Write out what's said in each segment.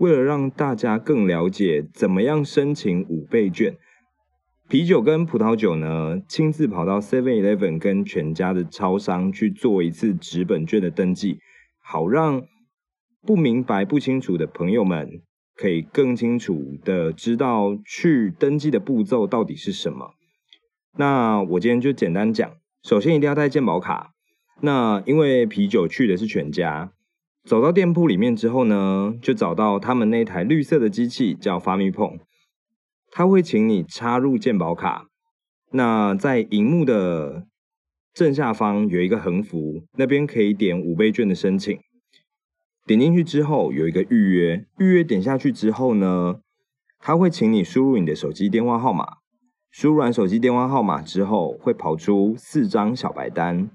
為了讓大家更了解怎麼樣申請五倍券，啤酒跟葡萄酒呢，親自跑到 Seven Eleven 跟全家的超商去做一次紙本券的登記，好讓不明白、不清楚的朋友們可以更清楚的知道去登記的步驟到底是什麼。那我今天就簡單講，首先一定要帶健保卡，那因為啤酒去的是全家。走到店鋪裡面之後呢，就找到他們那台綠色的機器，叫 f a m i p o n 他會請你插入健保卡。那在熒幕的正下方有一個橫幅，那邊可以點五倍券的申請。點進去之後有一個預約，預約點下去之後呢，他會請你輸入你的手機電話號碼。輸入完手機電話號碼之後，會跑出四張小白單。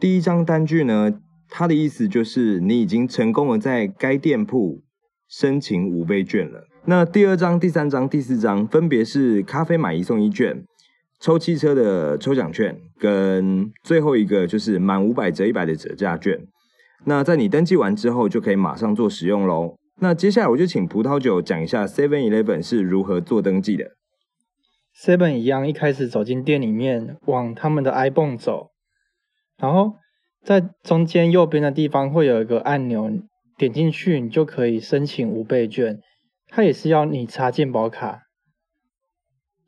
第一張單據呢？他的意思就是，你已經成功了在該店鋪申請五倍券了。那第二張、第三張、第四張，分別是咖啡買一送一券、抽汽車的抽獎券，跟最後一個就是滿五百折一百的折價券。那在你登記完之後，就可以馬上做使用嘍。那接下來我就請葡萄酒講一下 Seven Eleven 是如何做登記的。Seven 一樣一開始走進店裡面，往他們的 ibon 走，然後。在中間右邊的地方會有一個按鈕，點進去你就可以申請五倍券。它也是要你插健保卡，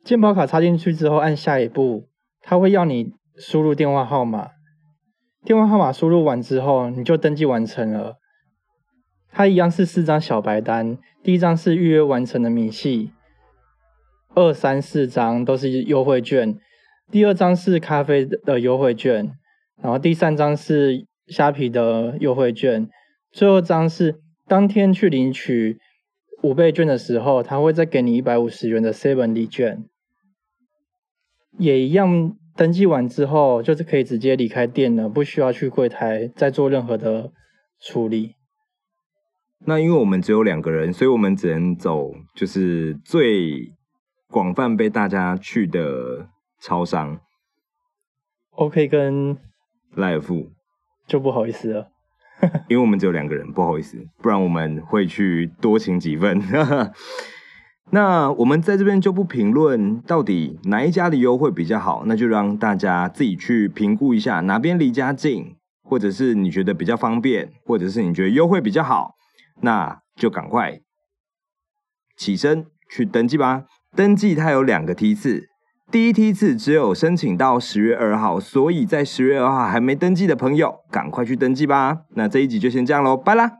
健保卡插進去之後按下一步，它會要你輸入電話號碼，電話號碼輸入完之後你就登記完成了。它一樣是四張小白單，第一張是預約完成的明細，二三四張都是優惠券，第二張是咖啡的優惠券。然後第三張是蝦皮的優惠券，最後張是當天去領取五倍券的時候，他會再給你一百五十元的 Seven 禮券。也一樣，登記完之後，就是可以直接離開店了，不需要去櫃台再做任何的處理。那因為我們只有兩個人，所以我們只能走就是最廣泛被大家去的超商。OK，跟。life 就不好意思了， 因為我們只有兩個人，不好意思，不然我們會去多請幾份。 那我們在這邊就不評論到底哪一家的優惠比較好，那就讓大家自己去評估一下哪邊離家近，或者是你覺得比較方便，或者是你覺得優惠比較好，那就趕快起身去登記吧。登記它有兩個梯次。第一梯次只有申請到十月二號，所以在十月二號還沒登記的朋友，趕快去登記吧。那這一集就先這樣嘍，拜啦。